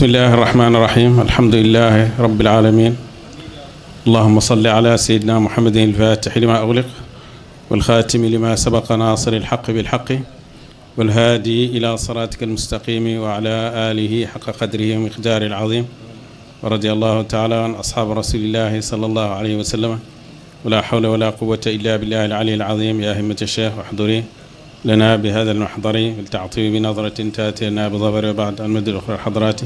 bismillahi irrahmani irrahim alhamdulilahi rabilalamin allahuma salli ala seyidina muhammadin ilfatixi lima ugliq walxaatimi lima sabaqa naasiri ilxaqi bilxaqi walhaadi ila siraatika almustaqimi wa ala alihi xaqa qadrihi wa miqdaari alazim wa radi allahu taala an asxaabi rasulillahi sal allahu alayhi wa sallama wala xawla wala quwata illa billahi alali alazim ya himmata cheikh waxduri لنا بهذا المحضر والتعطيب بنظرة تأتينا بظفر بعد أن مدد أخرى الحضرات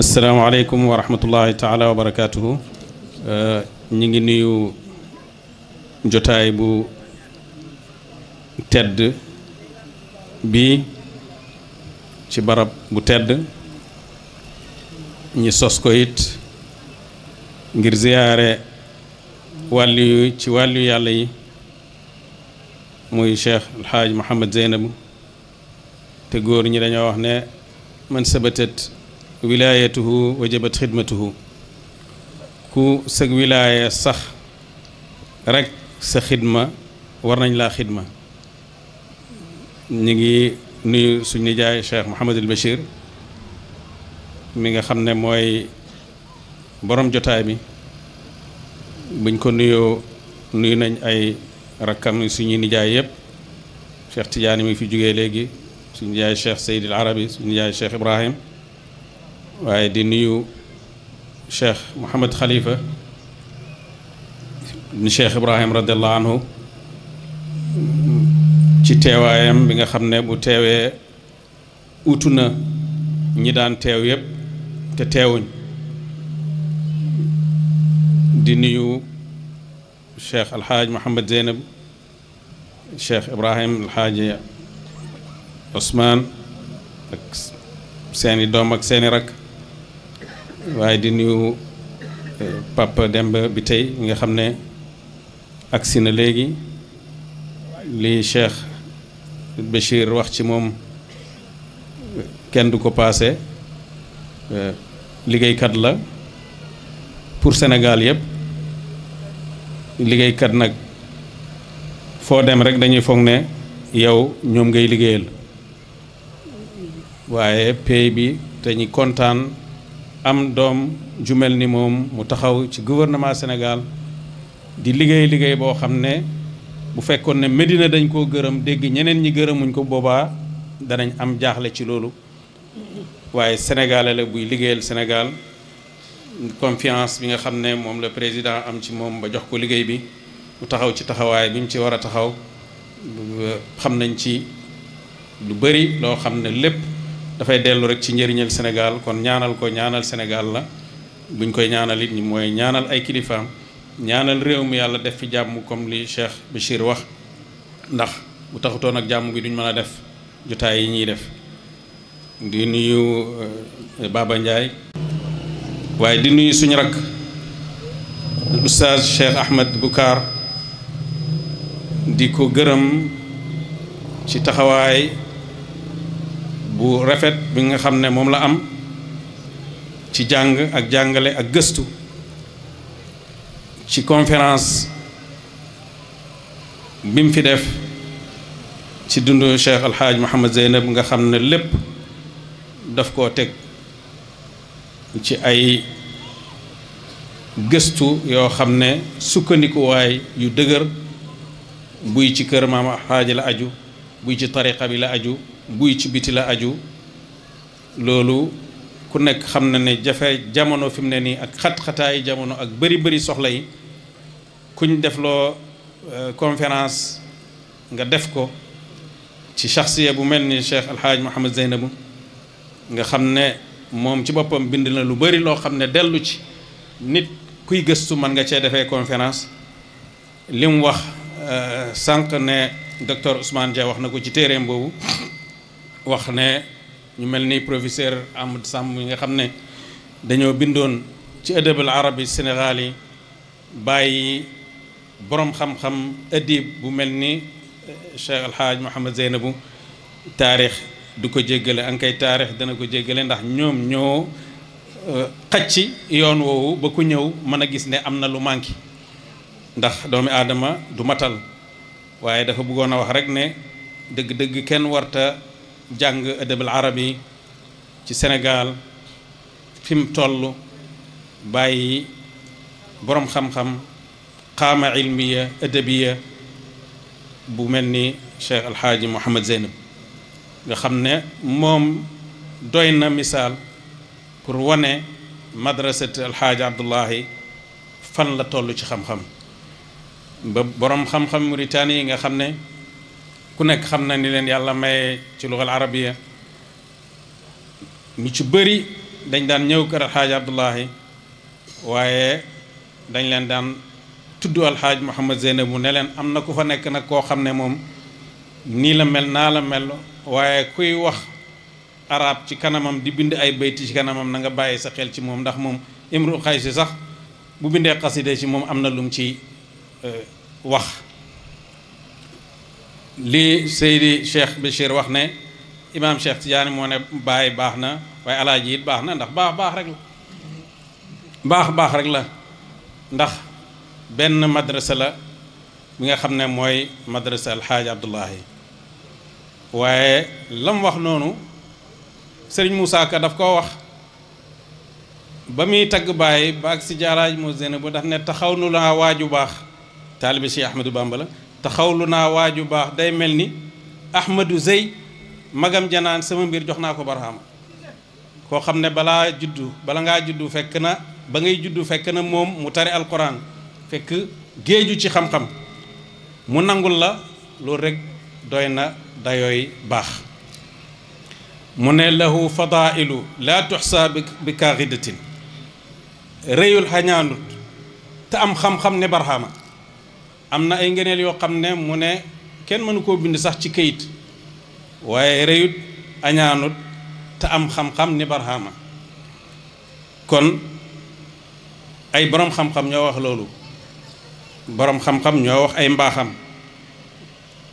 السلام عليكم ورحمة الله تعالى وبركاته ñu ngi nuyu jotaay bu tedd bii ci barab bu tedd ñi sos ko it ngir ziyaare wàllu yu ci wàllu yàlla yi muy cheikh alxaaj Mouhamed Zeynab te góor ñi dañoo wax ne man sabatat wilaayatuhu wajabat xidmatuhu ku sëg wilaaya sax rekk sa xidma war nañ laa xidma ñu ngi nuyu suñ nijaay cheikh Mouhamadul Bachir mi nga xam ne mooy borom jotaay bi buñ ko nuyoo nuyu nañ ay rakkam yi suñuy nijaay yëpp Cheikh Tidiane mi fi jógee léegi suñu nijaay Cheikh Seydil Arabi suñu nijaay Cheikh Ibrahim waaye di nuyu Cheikh Mouhamed Khalifa ni Cheikh Ibrahim radiallahu anhu ci teewaayam bi nga xam ne bu teewee utu na ñi daan teew yëpp te teewuñ cheikh alxaaj Mouhamed Zeynab cheikh Ibrahim alxaaji Ousmane ak seeni doom ak seeni rakk waaye di nuyu eh, Papa demb bi tey nga xam ne agsi na léegi li cheikh Bachir wax ci moom kenn du ko paase eh, liggéeykat la pour Sénégal yëpp. liggéeykat nag foo dem rek dañuy foog ne yow ñoom ngay liggéeyal waaye pay bi dañuy kontaan am doom ju mel ni moom mu taxaw ci gouvernement Sénégal di liggéey liggéey boo xam ne bu fekkoon ne Medina dañ koo gërëm dégg ñeneen ñi gërëmuñ ko boobaa danañ am jaaxle ci loolu waaye sénégalais la buy liggéeyal Sénégal confiance bi nga xam ne moom la président am ci moom ba jox ko liggéey bi lu taxaw ci taxawaay bi mu ci war a taxaw xam nañ ci lu bari loo xam ne lépp dafay dellu rek ci njëriñal Sénégal kon ñaanal ko ñaanal Sénégal la buñ koy ñaanal it mooy ñaanal ay kilifaam ñaanal réew mi yàlla def fi jàmm comme li Cheikh Bachir wax ndax bu taxutoon ak jàmm gi duñ mën a def jotaay yi ñuy def di nuyu euh, Baba Ndiaye waaye di nuyu suñu rakk oustaz Cheikh Ahmed Boucar di ko gërëm ci taxawaay bu rafet bi nga xam ne moom la am ci jàng ak jàngale ak gëstu ci conférence bi mu fi def ci dund Cheikh Alhaaj Mouhamed Zeynab nga xam ne lépp daf koo teg ci ay gëstu yoo xam ne sukkandikuwaay yu dëgër buy ci kër maam xaaji la aju buy ci tariqa bi la aju buy ci biti la aju loolu ku nekk xam na ne jafe jamono fi mu ne nii ak xat-xataay jamono ak bëri bëri soxla yi kuñ def loo euh, conférence nga def ko ci shaxsiya bu mel ni Cheikh Alxaaj Mohamad Zeynabu nga xam ne moom ci boppam bind na lu bari loo xam ne dellu ci nit kuy gëstu mën nga cee defee conférence li mu wax euh, sànq ne docteur Ousmane Dia wax na ko ci téereem boobu wax ne ñu mel ni professeur Amadou sàmm yi nga xam ne dañoo bindoon ci ëdëbal arabi Sénégal yi bàyyi boroom xam-xam ëdib bu mel ni euh, Cheikh Alhaaj Mouhamed Zeynabu taarix du ko jéggale an kay taarix dana ko jéggale ndax ñoom ñoo euh, xacc yoon woowu ba ku ñëw mën a gis ne am na lu manqué ndax doomi aadama du matal waaye dafa bëggoon a wax rek ne dëgg-dëgg kenn warta jàng ëdëbal arabi ci Sénégal fi mu toll bàyyi boroom xam-xam xaama ilmiya ëdëbiya bu mel ni Cheikh Alxaaji Mouhamad Zeynab nga xam ne moom doy na misaal pour wane madrasat alxaaji abdullahi fan la toll ci xam-xam ba boroom xam-xam Mauritanie yi nga xam ne ku nekk xam na ni leen yàlla may ci luxal arabiya mu ci bëri dañ daan ñëw kër alxaaji abdullahi waaye dañ leen daan tudd alxaaj Mouhamad Zeynab mu ne leen am na ku fa nekk nag koo xam ne moom nii la mel naa la mel waaye kuy wax arab ci kanamam di bind ay bayti ci kanamam na nga bàyyi sa xel ci moom ndax moom imru xaysi sax bu bindee xaside ci moom am na lum ci euh, wax li Seydi Cheikh Bachir wax ne imaam Cheikh Tidiane moo ne bàyyi baax na waaye alaaji it baax na ndax baax baax rek la baax baax rek la ndax benn madrasa la bi nga xam ne mooy madrasa alxaaji abdullahi waaye lam wax noonu sëriñ Moussa Ka daf koo wax ba muy tagg bàyyi ba ak si jaaraaj moo zéné bu daf ne taxaw nu naa waaju baax taalibi si ahmadou bamba la taxaw lu naa waaju baax day mel ni ahmadou zey magam janaan sama mbir jox naa ko barhama koo xam ne balaa juddu bala ngaa juddu fekk na ba ngay juddu fekk na moom mu tari alquran fekk géeju ci xam-xam mu nangul la loolu rek doy na dayooy baax mu ne lahu fadailu laa tuxsa bi kaaxidatin réyul xañaanut te am xam-xam ne barxaama am na ay ngeneel yoo xam ne mu ne kenn mënu koo bind sax ci kayit waaye réyut añaanut te am xam-xam ni barxaama kon ay boroom xam-xam ñoo wax loolu boroom xam-xam ñoo wax ay mbaaxam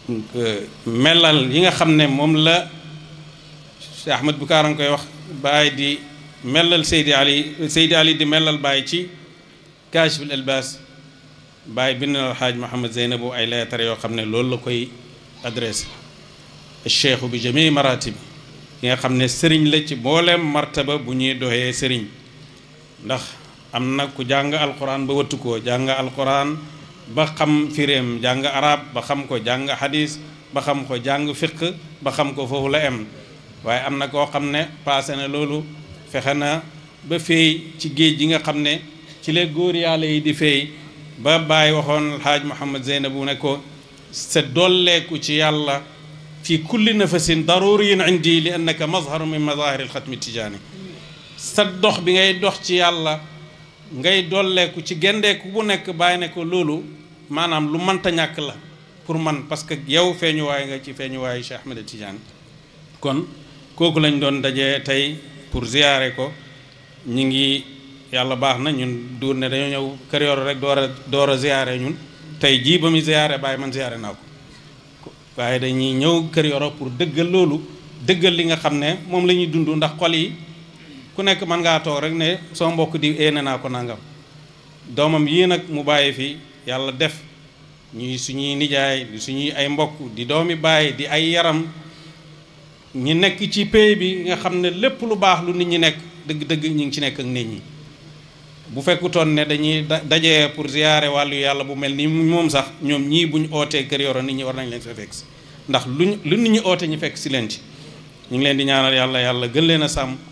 Euh, melal yi nga xam ne moom la Cheikh Ahmed Boucar nga koy wax Baye di melal Seydi Ali Seydi Ali di melal bàyyi ci Kaashiful Ilbaas Baye bind na Alxaaj Mouhamed Zeynabu ay leetar yoo xam ne loolu la koy adressé cheikhu bi jami maratib yi nga xam ne sëriñ la ci mbooleem martaba bu ñuy doxee sëriñ ndax am na ku jàng alquran ba wëttu ko jàng alquran ba xam firéem jàng arab ba xam ko jàng hadis ba xam ko jàng fiq ba xam ko foofu la em waaye am na koo xam ne passé na loolu fexe na ba feey ci géej gi nga xam ne ci la góor yàlla yi di feey ba bàyyi waxoon xaaj Mouhamed Zeynabu ne ko sa dolleeku ci yàlla fi kulli nafasin daruriyin indi li annaka mazharu min mazahiri alxatmi tijaani sa dox bi ngay dox ci yàlla ngay dolleeku ci gendeeku bu nekk bàyyi ne ko loolu maanaam lu mënta ñàkk la pour man parce que yow feeñuwaay nga ci feeñuwaayu Cheikh Ahmed Tidiane kon kooku lañ doon dajee tey pour ziyaare ko ñu ngi yàlla baax na ñun duur ne dañoo ñëw Kër Yoro rek door a door a ziyaare ñun tey jii ba muy ziyaare bàyyi man ziyaare naa ko waaye dañuy ñëw Kër Yoro pour dëggal loolu dëggal li nga xam ne moom la ñuy dund ndax xol yi ku nekk mën ngaa toog rek ne soo mbokk di éene naa ko nangam doomam yii nag mu bàyyi fii yàlla def ñuy suñuy nijaay di suñuy ay mbokk di doomi bàyyi di ay yaram ñi nekk ci pay bi nga xam ne lépp lu baax lu nit ñi nekk dëgg-dëgg ñu ngi ci nekk ak nit ñi bu fekkutoon ne dañuy dajee pour ziyaare wàllu yàlla bu mel ni moom sax ñoom ñii bu ñu ootee kër yoroo nit ñi war nañ leen fa fekk si ndax luñ lu nit ñi oote ñu fekk si leen ci ñu ngi leen di ñaanal yàlla yàlla gën leen a sàmm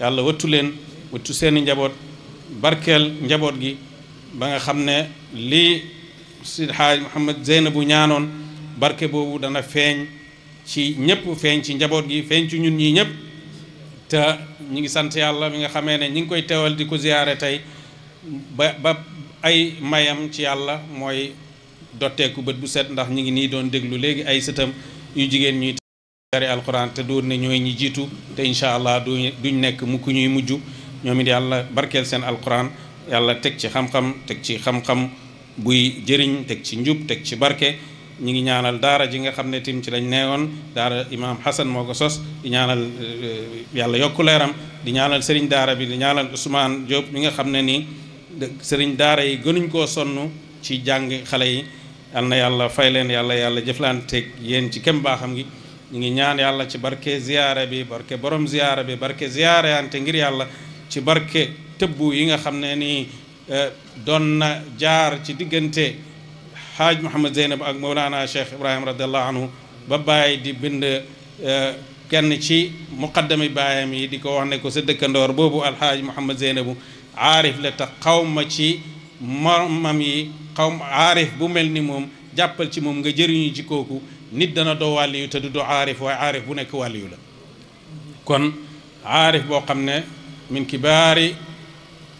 yàlla wattu leen wattu seeni njaboot barkeel njaboot gi ba nga xam ne lii Seydi Haaji Mouhamed bu ñaanoon barke boobu dana feeñ ci ñëpp feeñ ci njaboot gi feeñ ci ñun ñii ñëpp te ñu ngi sant yàlla mi nga xamee ne ñi ngi koy teewal di ko ziyaare tey ba ba ay mayam ci yàlla mooy dotteeku bët bu set ndax ñu ngi nii doon déglu léegi ay sëtam yu jigéen ñuy jare alquran te doon ne ñoo ñi jiitu te incha allah ñu nekk mu ku ñuy mujj ñoom it yàlla barkeel seen alquran yàlla teg ci xam-xam teg ci xam-xam buy jëriñ teg ci njub teg ci barke ñi ngi ñaanal daara ji nga xam ne tim ci lañ neewoon daara imaam Hassan moo ko sos di ñaanal eh, yàlla yokku leeram di ñaanal sëriñ daara bi di ñaanal Ousmane Diop mi nga xam ne nii sëriñ daara yi gënuñ koo sonn ci jàng xale yi yal yàlla fay leen yàlla yàlla jëflanteeg yéen ci kem gi ñu ngi ñaan yàlla ci barke ziyaare bi barke borom ziyaare bi barke ziyaare ante ngir yàlla ci barke tëbbu yi nga xam ne nii e, doon na jaar ci diggante Haaj Mouhamed Zeynab ak Mawlana Cheikh Ibrahim radiallahu anhu ba bàyyi di bind e, kenn ci muqaddami baayam yi di ko wax ne ko sa dëkkandoor boobu alxaaj Mouhamed Zeynabu aarif la te xaw ci moromam yi xaw ma bu mel ni moom jàppal ci moom nga jëriñu ci kooku nit dana doo wàlliyu te du doo aarif waaye aarif bu nekk wàlliyu la kon aarif boo xam ne min kibaari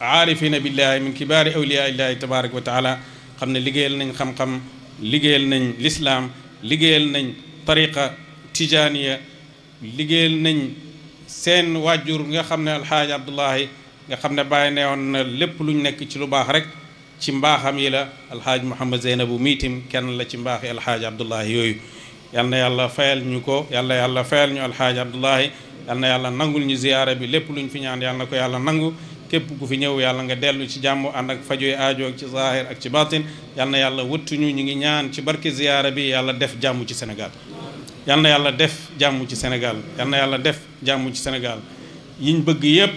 aarifina billaahi min kibaari awliyaa illaahi tabaaraka wa taala xam ne liggéeyal nañ xam-xam liggéeyal nañ lislaam liggéeyal nañ tariqa tijaaniya liggéeyal nañ seen waajur nga xam ne alxaaji abdullahi nga xam ne bàyyi neewoon na lépp luñ nekk ci lu baax rek ci mbaaxam yi la alxaaji muhammad zeynabu miitim kenn la ci mbaaxi alxaaji abdullahi yooyu yal na yàlla fayal ñu ko yal yàlla fayal ñu alxaaji abdullahi yal na yàlla nangul ñu ziyaara bi lépp lu ñu fi ñaan yal na ko yàlla nangu képp ku fi ñëw yàlla nga dellu ci jàmm ànd ak fajoy aajo ak ci zahir ak ci batin yàlla wëttuñu ñu ngi ñaan ci barke ziyaara bi yàlla def jàmm ci senegal yal yàlla def jàmm ci Sénégal yal na yàlla def jàmm ci Sénégal yiñ bëgg yépp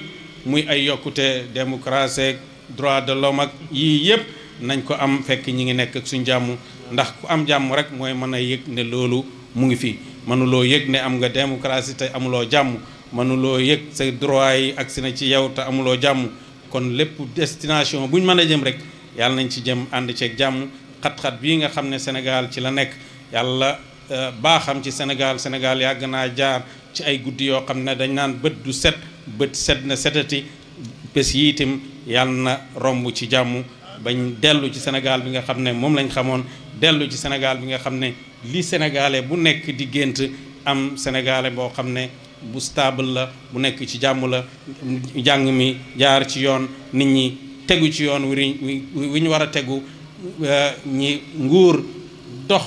muy ay yokkute démocratie droit de l'homme ak yii yépp nañ ko am fekk ñi ngi nekk ak suñ jàmm ndax ku am jàmm rek mooy mën a yëg ne loolu mu ngi fi mënuloo yëg ne am nga démocratie te amuloo jàmm mënuloo yëg sa droit yi agsi na ci yow te amuloo jàmm kon lépp destination bu ñu mën a jëm rek yàlla nañ ci jëm ànd ceeg jàmm xat-xat bii nga xam ne Sénégal ci la nekk yàlla euh, baaxam ci Sénégal Sénégal yàgg naa jaar ci ay guddi yoo xam ne dañ naan bët du set bët set na seteti bés yi itam yàlla na romb ci jàmm bañ dellu ci Sénégal bi nga xam ne moom lañ xamoon dellu ci Sénégal bi nga xam ne li sénégalais bu nekk di gént am sénégalais boo xam ne bu stable la bu nekk ci jàmm la jàng mi jaar ci yoon nit ñi tegu ci yoon wi wi ñu war a tegu eh, ñi nguur dox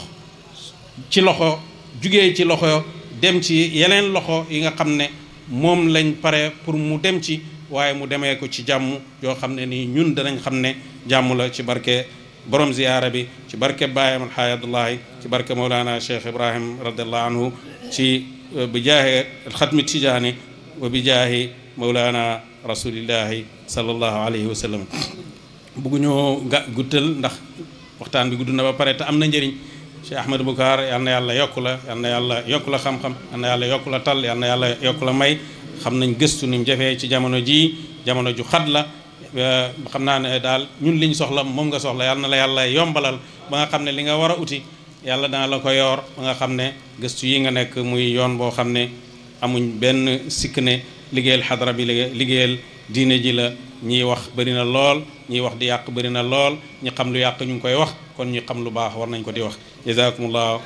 ci loxo jugee ci loxo dem ci yeneen loxo yi nga xam ne moom lañ pare pour mu dem ci waaye mu demee ko ci jàmm yoo xam ne nii ñun danañ xam ne jàmm la ci barke borom ziyaara bi ci barke baayam alxaaj abdullahi ci barke mawlaana cheikh ibrahim radiallahu anhu ci euh, bi jaahi xatmi tijaani wa bi jaahi mawlaana rasulillahi sallallahu alayhi wa bugguñoo ga guttal ndax waxtaan bi gudd na ba pare te am na njëriñ Cheikh Ahmed Boucar yal na yàlla yokku la yàlla yokku la xam-xam yal na yàlla yokku la tal yal yàlla yokku la may xam nañ gëstu ni mu jafee ci jamono jii jamono ju xat la xam naa ne daal ñun liñ soxla moom nga soxla yàlla na la yàlla yombalal ba nga xam ne li nga war a uti yàlla dana la ko yoor ba nga xam ne gëstu yi nga nekk muy yoon boo xam ne amuñ benn sikk ne liggéeyal xadara bi liggéeyal diine ji la ñiy wax bëri na lool ñiy wax di yàq bëri na lool ñi xam lu yàq ñu ngi koy wax kon ñu xam lu baax war nañ ko di wax jazakumullah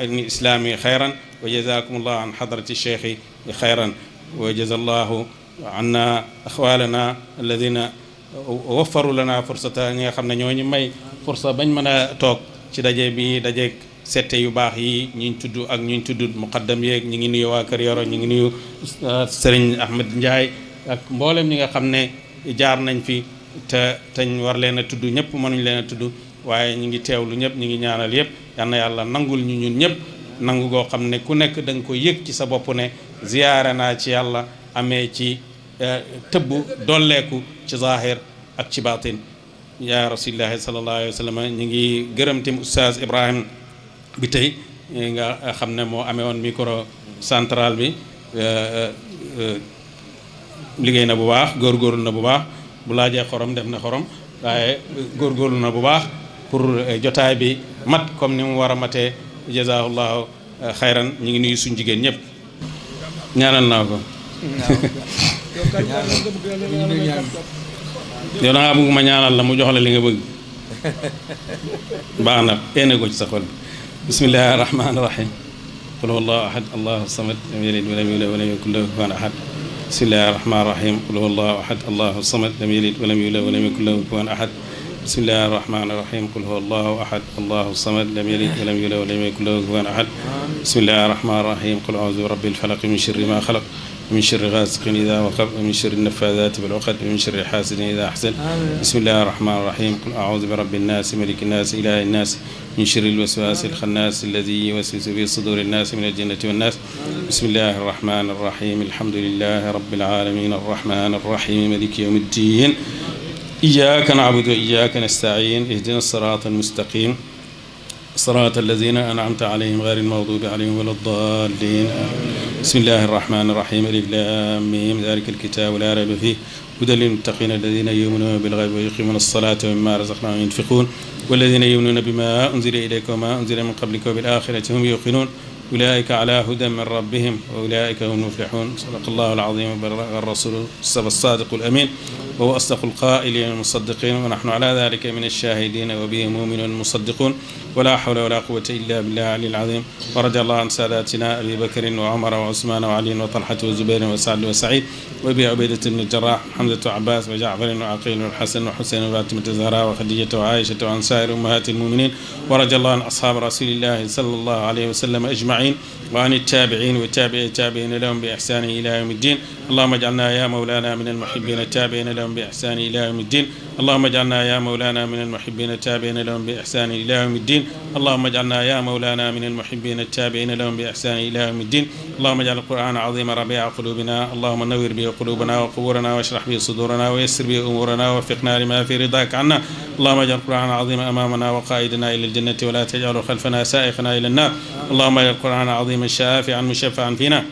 an islami xayran wa jazakumullah an xadrati cheikhi xayran wa jaza allahu anna axwaalana alladina wafaru lana fursata ñi nga xam ne ñoo ñi may fursa bañ mën a toog ci daje bi dajeeg sette yu baax yi ñu tudd ak ñu tudd muqaddam yéeg ñu ngi nuyu waa Kër Yoro ñu ngi nuyu uh, Serigne Ahmed Ndiaye ak mboolem ñi nga xam ne jaar nañ fi te teñ war leen a tudd ñëpp mënuñ leen a tudd waaye ñu ngi teewlu ñëpp ñu ngi ñaanal yëpp na yàlla nangul ñu ñun ñëpp nangu goo xam ne ku nekk da ko yëg ci sa bopp ne ziyaara naa ci yàlla amee ci eh, tëbb dolleeku ci zahir ak ci baatin yaa rasulillahi sallallahu alayhi ñu ngi gërëm tim oustaz Ibrahim bi tey eh, nga xam ne moo amee woon micro central bi eh, liggéey na bu baax góor góorgóorlu na bu baax bu laajee xorom def na xorom waaye góorlu na bu baax pour jotaay bi mat comme ni mu war a matee jazahullahu xayran ñu ngi nuyu suñ jigéen ñëpp ñaanal naa ko yow da ngaa bëgg ma ñaanal la mu jox la li nga bëgg baax na yéene ko ci sa xol bi bismillahi rahmaani rahim qul huwallahu ahad allahu samad lam yalid walam yulad walam yakun lahu kufuwan ahad bismillahi rahmaani rahim qul huwallahu ahad allahu samad lam yalid walam yulad walam yakun lahu kufuwan ahad bismillahi arrahmani irrahim qul huwa allahu ahad allahu samad lam yalid walam yulad walam yakun lahu kufuwan ahad bismillahi arrahmani irrahim qul auzu bi rabbil falaq min sharri ma xalaq min sharri gaasiqin ida waqab min sharri nafaadaati bil uqad min sharri xaasidin ida xasad bismillahi arrahmani irrahim qul auzu bi rabbin naasi maliki naasi ilaahi naasi min sharri lwaswaasi lxannaasi alladi yuwaswisu fi suduri nnaasi min aljinnati wannaas bismillahi arrahmani irrahim alhamdulilahi rabbil alamin arrahmani irrahim maliki yawmi ddin إياك نعبد وإياك نستعين اهدنا الصراط المستقيم صراط الذين أنعمت عليهم غير المغضوب عليهم ولا الضالين بسم الله الرحمن الرحيم ألف لام ميم ذلك الكتاب لا ريب فيه هدى للمتقين الذين يؤمنون بالغيب ويقيمون الصلاة ومما رزقناهم ينفقون والذين يؤمنون بما أنزل إليك وما أنزل من قبلك وبالآخرة هم يوقنون ulaayika ala hudan min rabbihim wa ulaayika hum muflixuun sadaqa allahu alazim wa balaga rasulu saadiqu alamin wa huwa asdaqu alqaa'iliin almusaddiqiin wa naxnu ala dalika min alshaahidiin wa bihi muminuun musaddiquun wa laa xawla wa laa quwwata illa billahi aliyil aziim wa radia allahu an saadatina abi bakrin wa umara wa usmaana wa aliyin wa talhata wa zubayrin wa saad wa saciid wa abi ubaydata bni jaraax xamzata wa abbaas wa jacfarin wa aqilin wa alxasan wa xuseyn wa faatimata zahra wa xadiijata wa aishata wa an saa'iri ummahaati almuminiin wa radia allahu an ashaaba rasulillahi salla allahu alayhi wa sallam ajmaciin أجمعين وعن التابعين والتابع التابعين لهم بإحسان إلى يوم الدين اللهم اجعلنا يا مولانا من المحبين التابعين لهم بإحسان إلى يوم الدين اللهم اجعلنا يا مولانا من المحبين التابعين لهم بإحسان إلى يوم الدين اللهم اجعلنا يا مولانا من المحبين التابعين لهم بإحسان إلى يوم الدين اللهم اجعل القرآن عظيم ربيع قلوبنا اللهم نور به قلوبنا وقبورنا واشرح به صدورنا ويسر به أمورنا ووفقنا لما في رضاك عنا اللهم اجعل القرآن العظيم أمامنا وقائدنا إلى الجنة ولا تجعله خلفنا سائقنا إلى النار اللهم اجعل القرآن عظيما شافعا مشفعا فينا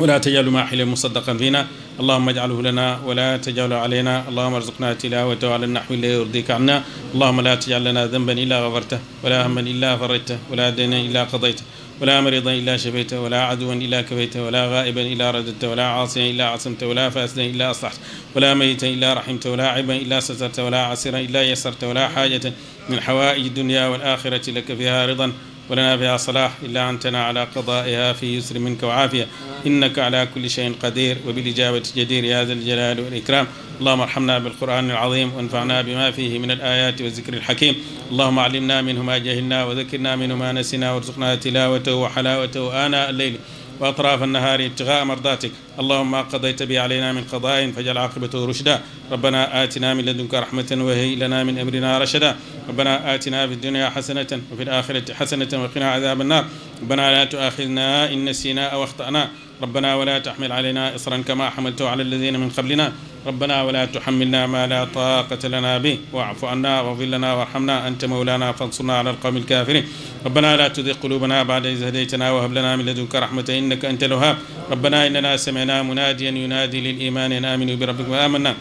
ولا تجعل ماحلا مصدقا فينا اللهم اجعله لنا ولا تجعله علينا اللهم ارزقنا تلاوته على النحو الذي يرضيك عنا اللهم لا تجعل لنا ذنبا إلا غفرته ولا هما إلا فرجته ولا دينا إلا قضيته ولا مريضا إلا شفيته ولا عدوا إلا كفيته ولا غائبا إلا رددته ولا عاصيا إلا عصمته ولا فاسدا إلا أصلحته ولا ميتا إلا رحمته ولا عيبا إلا سترته ولا عسيرا إلا يسرته ولا حاجة من حوائج الدنيا والآخرة لك فيها رضا ولنا بها صلاح إلا أنتنا على قضائها في يسر منك وعافية إنك على كل شيء قدير وبالإجابة جدير يا ذا الجلال والإكرام اللهم ارحمنا بالقرآن العظيم وانفعنا بما فيه من الآيات والذكر الحكيم اللهم علمنا منه ما جهلنا وذكرنا منه ما نسينا وارزقنا تلاوته وحلاوته آناء الليل وأطراف النهار ابتغاء مرضاتك اللهم ما قضيت به علينا من قضاء فاجعل عاقبته رشدا ربنا آتنا من لدنك رحمة وهي لنا من أمرنا رشدا ربنا آتنا في الدنيا حسنة وفي الآخرة حسنة وقنا عذاب النار ربنا لا تؤاخذنا إن نسينا أو أخطأنا ربنا ولا تحمل علينا إصرا كما حملته على الذين من قبلنا ربنا ولا تحملنا ما لا طاقة لنا به واعف عنا واغفر لنا وارحمنا أنت مولانا فانصرنا على القوم الكافرين ربنا لا تزغ قلوبنا بعد إذ هديتنا وهب لنا من لدنك رحمة إنك أنت الوهاب ربنا إننا سمعنا مناديا ينادي للإيمان أن آمنوا بربكم آمنا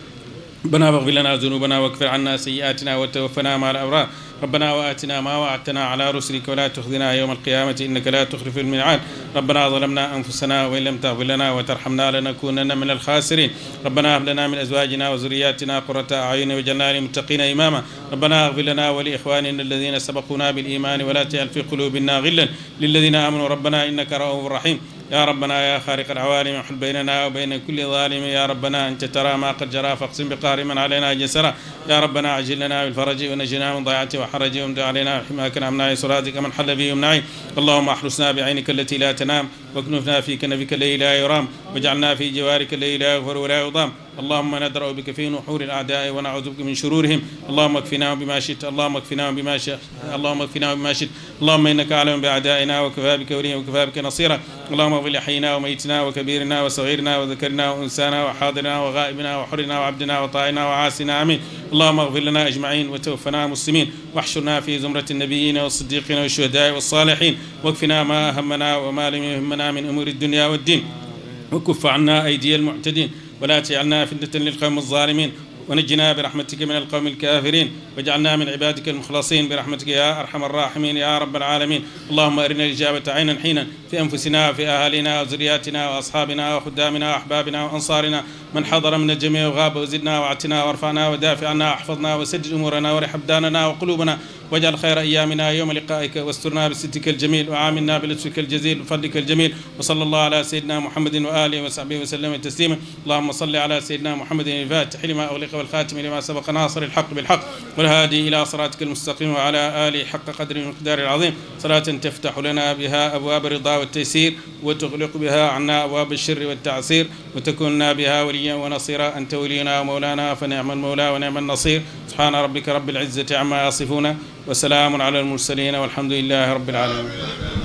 ربنا واغفر لنا ذنوبنا واكفر عنا سيئاتنا وتوفنا مع الابرار ربنا واتنا ما وعدتنا على رسلك ولا تخزنا يوم القيامه انك لا تخلف الميعاد ربنا ظلمنا انفسنا وان لم تغفر لنا وترحمنا لنكونن من الخاسرين ربنا هب لنا من ازواجنا وذرياتنا قرة اعين واجعلنا للمتقين اماما ربنا اغفر لنا ولاخواننا الذين سبقونا بالايمان ولا تجعل في قلوبنا غلا للذين امنوا ربنا انك رؤوف رحيم يا ربنا يا خالق العوالم حل بيننا وبين كل ظالم يا ربنا أنت ترى ما قد جرى فاقسم بقهر من علينا جسرا يا ربنا عجل لنا بالفرج ونجنا من ضيعته وحرجه وامد علينا حماك أمناي صلاتك من حل به يمنعي اللهم أحرسنا بعينك التي لا تنام واكنفنا في كنفك الذي لا يرام واجعلنا في جوارك الذي لا يغفر ولا يضام اللهم ندرأ بك في نحور الأعداء ونعوذ بك من شرورهم اللهم اكفناهم بما شئت اللهم اكفناهم بما شئت اللهم اكفناهم بما شئت اللهم إنك أعلم بأعدائنا وكفى بك وليا وكفى بك نصيرا اللهم اغفر لحينا وميتنا وكبيرنا وصغيرنا وذكرنا وأنسانا وحاضرنا وغائبنا وحرنا وعبدنا وطائنا وعاسنا آمين اللهم اغفر لنا أجمعين وتوفنا مسلمين واحشرنا في زمرة النبيين والصديقين والشهداء والصالحين واكفنا ما أهمنا وما لم يهمنا anna min umuri dunia wa din wa kuffa anna aydiya almuctadin wala tajcalna fitnatan lilqawmi alzalimin ونجنا برحمتك من القوم الكافرين واجعلنا من عبادك المخلصين برحمتك يا أرحم الراحمين يا رب العالمين اللهم أرنا الإجابة عينا حينا في أنفسنا وفي أهالينا وذرياتنا وأصحابنا وخدامنا وأحبابنا وأنصارنا من حضر من الجميع وغاب وزدنا واعتنا وارفعنا ودافع عنا واحفظنا وسدد أمورنا ورح أبداننا وقلوبنا واجعل خير أيامنا يوم لقائك واسترنا بستك الجميل وعاملنا بلطفك الجزيل وفضلك الجميل وصلى الله على سيدنا محمد وآله وصحبه وسلم تسليما اللهم صل على سيدنا محمد الفاتح لما أغلق والتوفيق والخاتم لما سبق ناصر الحق بالحق والهادي إلى صراطك المستقيم وعلى آله حق قدر المقدار العظيم صلاة تفتح لنا بها أبواب الرضا والتيسير وتغلق بها عنا أبواب الشر والتعسير وتكوننا بها وليا ونصيرا أنت ولينا ومولانا فنعم المولى ونعم النصير سبحان ربك رب العزة عما يصفون وسلام على المرسلين والحمد لله رب العالمين